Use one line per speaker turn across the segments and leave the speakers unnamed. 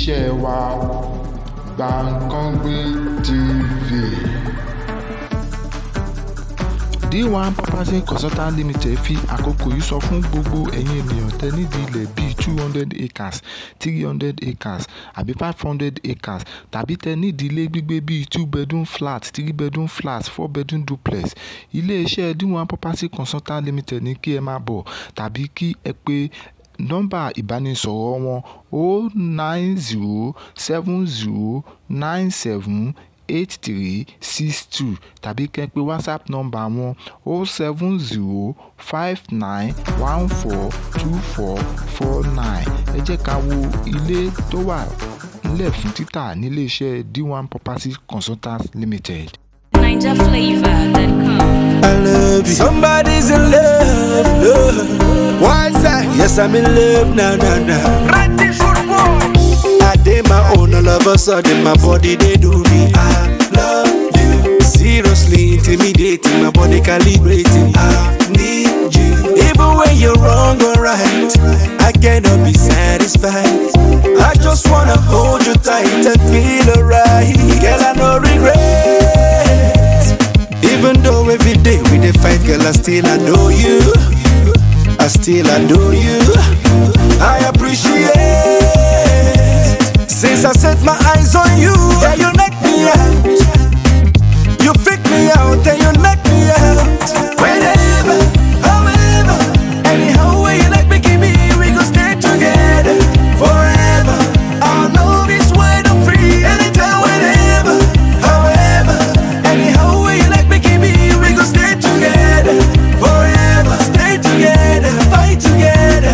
iṣẹ́ wa Gbankanbi TV. D1 Property Consultant Limited fi àkókò yìí sọ fún gbogbo ẹ̀yin ènìyàn tẹ́ nídìí ilẹ̀ bíi two hundred acres three hundred acres àbí five hundred acres tàbí tẹ́ nídìí ilé gbígbé bíi two bedroom flat three bedroom flat four bedroom duplex iléeṣẹ́ D1 Property Consultant Limited ní kí ẹ máa bọ̀ tàbí kí ẹ pé nọ́mbà ìbánisọ̀rọ̀ wọn o nine zero seven zero nine seven eight three six two tàbí kẹ́ WhatsApp nọ́mbà wọn o seven zero five nine one four two four four nine ẹ jẹ́ ká wo ilé tó wà nílẹ̀ fún títà nílé D1 Property Consultants Limited.
NigerFlavor.com. I love you. Somebody's in love, love. One side, yes, I'm in love, nah, nah, nah. I did my own, all of a sudden, my body, they do me. I love you. Seriously intimidating, my body calibrating. I need you. Even when you're wrong or right, I cannot be satisfied. I just wanna hold you tight and feel alright. Girl, I no regret. Even though every day we dey fight, girl, I still I know you. I still adore you. I appreciate since I set my eyes on you. Yeah, you knock me out. You freak me out and you knock me out. When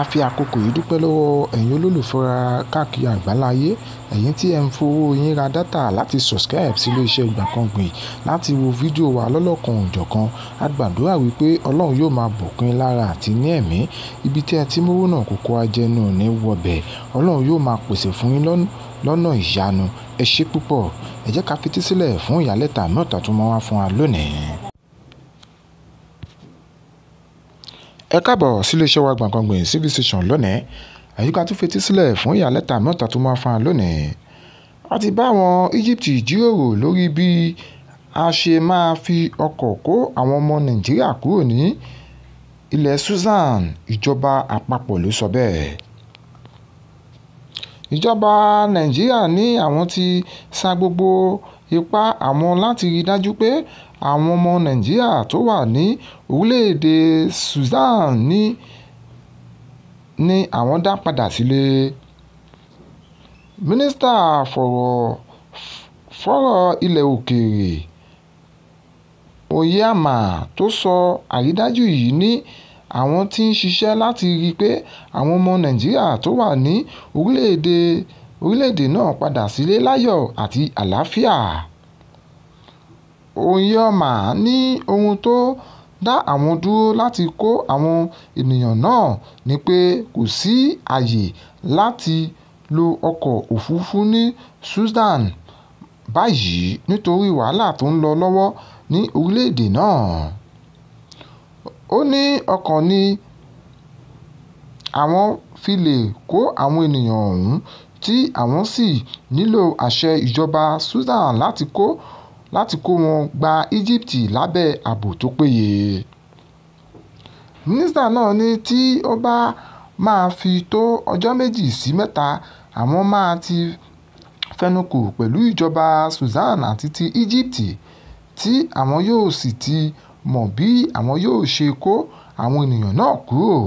a fi àkókò yìí dúpẹ́ lọ́wọ́ ẹ̀yin olólùfẹ́ wa káàkiri àgbáláyé ẹ̀yin tí ẹ̀ ń fowó yín ra dátà láti subscribe sí iléeṣẹ́ Gbankanbi láti wo fídíò wa lọ́lọ́kan òjọ̀kan a gbàdúrà wípé ọlọ́run yóò máa bùkún lára àti ní ẹ̀mí ibi tí ẹ ti mówó náà kókó ajẹnu ní wọbẹ̀ ọlọ́run yóò máa pèsè fún yín lọ́nà lọ́nà ìyanu ẹ ṣé púpọ̀ ẹ ká fetí sílẹ̀ fún ìyálẹ́ta ẹ káàbọ̀ síléeṣẹ́ wa Gbankangbin civil station lónìí àyíká tún fetí sílẹ̀ fún ìyàlẹ́ta mẹ́ta tó máa fa lónìí a ti bá àwọn Egypt jíròrò lórí bí a ṣe máa fi ọkọ̀ kó àwọn ọmọ Nàìjíríà kúrò ní ilẹ̀ Sudan ìjọba àpapọ̀ ló sọ bẹ́ẹ̀ ìjọba Nàìjíríà ní àwọn ti sa gbogbo ipá àwọn láti rí dájú pé Àwọn ọmọ Nàìjíríà tó wà ní orílẹ̀-èdè Sudan ni àwọn dá padà sílé. Mínísítà fọ́rọ̀ ilẹ̀ òkèèrè Oyema tó sọ àrídájú yìí ni àwọn ti ń ṣiṣẹ́ láti rí pé àwọn ọmọ Nàìjíríà tó wà ní orílẹ̀-èdè náà padà sílé láyọ̀ àti àlàáfíà. Ouyama ní ohun tó dá àwọn dúró láti kó àwọn ènìyàn náà ni pé kò sí àyè láti lo ọkọ̀ òfuurufú ní Sudan báyìí nítorí wàhálà tó ń lọ lọ́wọ́ ní orílẹ̀-èdè náà. Ó ní ọkọ̀ ni àwọn fi lè kó àwọn ènìyàn ọ̀hún tí àwọn sì nílò àṣẹ ìjọba Sudan láti kó láti kó wọn gba Egypt lábẹ́ ààbò tó péye. Mínísítà náà ní tí ó bá máa fi tó ọjọ́ méjì sí mẹ́ta àwọn máa ti fẹnukò pẹ̀lú ìjọba Sudan àti ti Egypt tí àwọn yóò sì ti mọ bí àwọn yóò ṣe kó àwọn ènìyàn náà kúrò.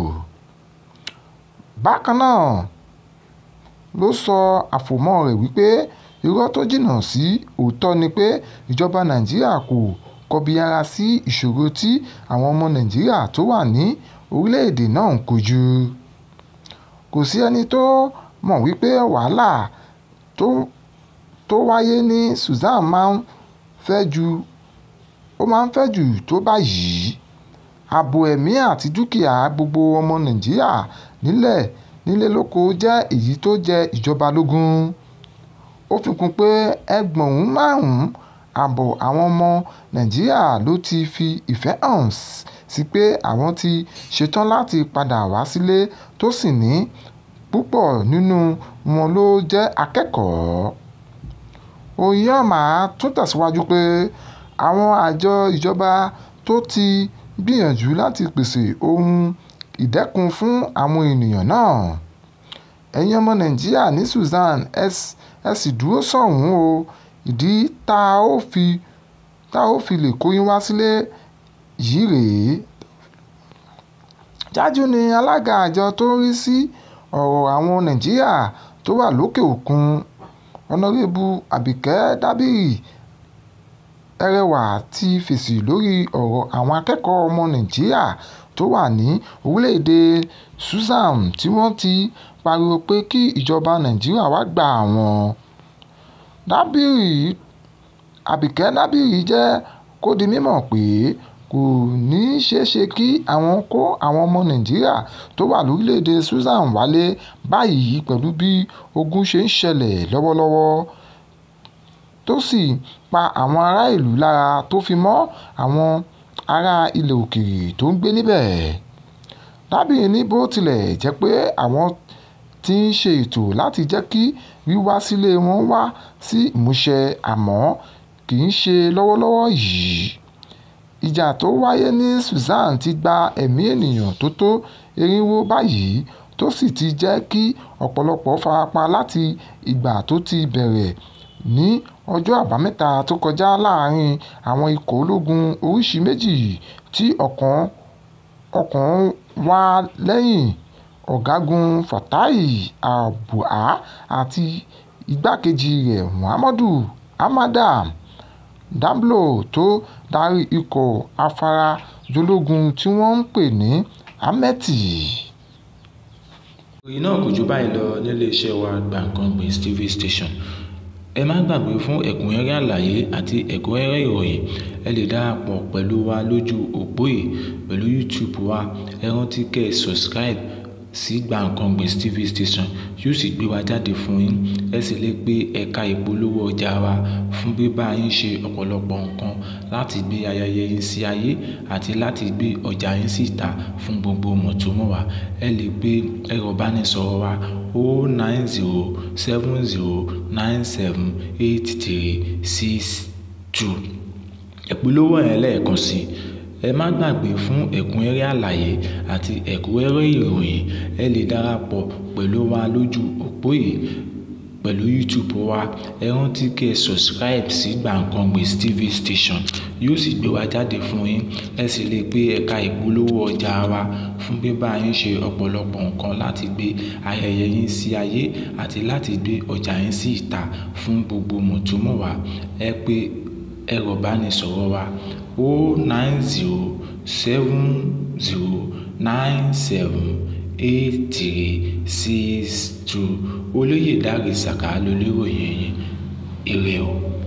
Bákan náà ló sọ àfòmọ́ rẹ̀ wípé Irọ́ tó jìnnà sí òótọ́ ni pé ìjọba Nàìjíríà kò kọbiara sí ìṣòro tí àwọn ọmọ Nàìjíríà tó wà ní orílẹ̀-èdè náà ń kojú. Kò sí ẹni tó mọ̀ wípé wàhálà tó wáyé ní Sudan máa ń fẹ̀ jù tó báyìí. Ààbò ẹ̀mí àti dúkìá gbogbo ọmọ Nàìjíríà nílé lóko jẹ́ èyí tó jẹ ìjọba lógún. Ó fi kún pé ẹgbẹ̀rún márùn-ún ààbọ̀ àwọn ọmọ Nàìjíríà ló ti fi ìfẹ́ hàn sí pé àwọn ti ṣetán láti padà wá sílé tó sì ní púpọ̀ nínú wọn ló jẹ́ akẹ́kọ̀ọ́. Ouyama tún tẹ̀síwájú pé àwọn àjọ ìjọba tó ti gbìyànjú láti pèsè ohun ìdẹ́kun fún àwọn ènìyàn náà ẹ̀yin ọmọ nàìjíríà ní sudan ẹ sì dúró sọ́hùn-ún o ìdí tá a ó fi lè kó yín wá sílé yìí rèé Jájú ni alága àjọ tó ń rí sí ọ̀rọ̀ àwọn nàìjíríà tó wà lókè òkun ọ̀nàrẹ́bù àbíkẹ́ dábìrì ẹrẹwà ti fèsì lórí ọ̀rọ̀ àwọn akẹ́kọ̀ọ́ ọmọ nàìjíríà tó wà ní orílẹ̀-èdè Susan tí wọ́n ti pariwo pé kí ìjọba Nàìjíríà wá gba àwọn. Abike Dabiri jẹ́ kó di mímọ̀ pé kò ní ṣeéṣe kí àwọn kó àwọn ọmọ Nàìjíríà tó wà lórílẹ̀-èdè Susan wálé báyìí pẹ̀lú bí ogun ṣe ń ṣẹlẹ̀ lọ́wọ́lọ́wọ́ tó sì pa àwọn ará ìlú lára tó fi mọ́ àwọn ará ilẹ̀ òkèèrè tó ń gbé níbẹ̀. Lábìrin ní bó tilẹ̀ jẹ́ pé àwọn ti ń ṣe ètò láti jẹ́ kí wíwá sílé wọn wá sí ìmúṣẹ àmọ́ kìí ṣe lọ́wọ́lọ́wọ́ yìí. Ìjà tó wáyé ní Sudan ti gba ẹ̀mí ènìyàn tó tó irinwó báyìí tó sì ti jẹ́ kí ọ̀pọ̀lọpọ̀ farapa láti ìgbà tó ti bẹ̀rẹ̀ ní ọjọ́ àbámẹ́ta tó kọjá láàrin àwọn ikọ̀ ológun oríṣi méjì tí ọ̀kan wà lẹ́yìn Ọ̀gágun Fatai Abubakar àti igbákejì rẹ̀ Muhammadu Armadan Dambalò tó darí ikọ̀ afara-jólógun tí wọ́n ń pè ní Amnesty.
Ìròyìn náà kò jù báyìí lọ nílé iṣẹ́ wa Gbankanbi TV station ẹ má gbàgbé fún ẹ̀kúnrẹ́rẹ́ àlàyé àti ẹ̀kúnrẹ́rẹ́ ìròyìn ẹ lè darapọ̀ pẹ̀lú wa lójú òpó yìí pẹ̀lú YouTube wa ẹ rántí kẹ́ ẹ subscribe sí Gbankanbi TV station yóò sì gbé wa jáde fún yín ẹ sì lè pe ẹ̀ka ìpolówó ọjà wa fún bíbá yín ṣe ọ̀pọ̀lọpọ̀ nǹkan láti gbé ayẹyẹ yín sí ayé àti láti gbé ọjà yín síta fún gbogbo mọ̀tòmọ́wà ẹ lè pe ẹ̀rọ ìbánisọ̀rọ̀ wa 090 70 97 83 62. ìpolówó yẹn lẹ́ẹ̀kan sí ẹ má gbàgbé fún ẹ̀kúnrẹ́rẹ́ àlàyé àti ẹ̀kúnrẹ́rẹ́ ìròyìn ẹ lè darapọ̀ pẹ̀lú wa lójú òpó yìí pẹ̀lú YouTube wa ẹ rántí kí ẹ subscribe sí Gbankanbi TV station yóò sì gbé wa jáde fún yín ẹ sì lè pe ẹ̀ka ìpolówó ọjà wa fún bíbá yín ṣe ọ̀pọ̀lọpọ̀ nǹkan láti gbé ayẹyẹ yín sí ayé àti láti gbé ọjà yín sí ìta fún gbogbo mọ̀túmọ̀wá ẹ pé ẹ̀rọ ìbánisọ̀rọ̀ wa o oh nine zero seven zero nine seven eight three six two olóyè dáre ṣàkà lolóròyìn yìí ire o.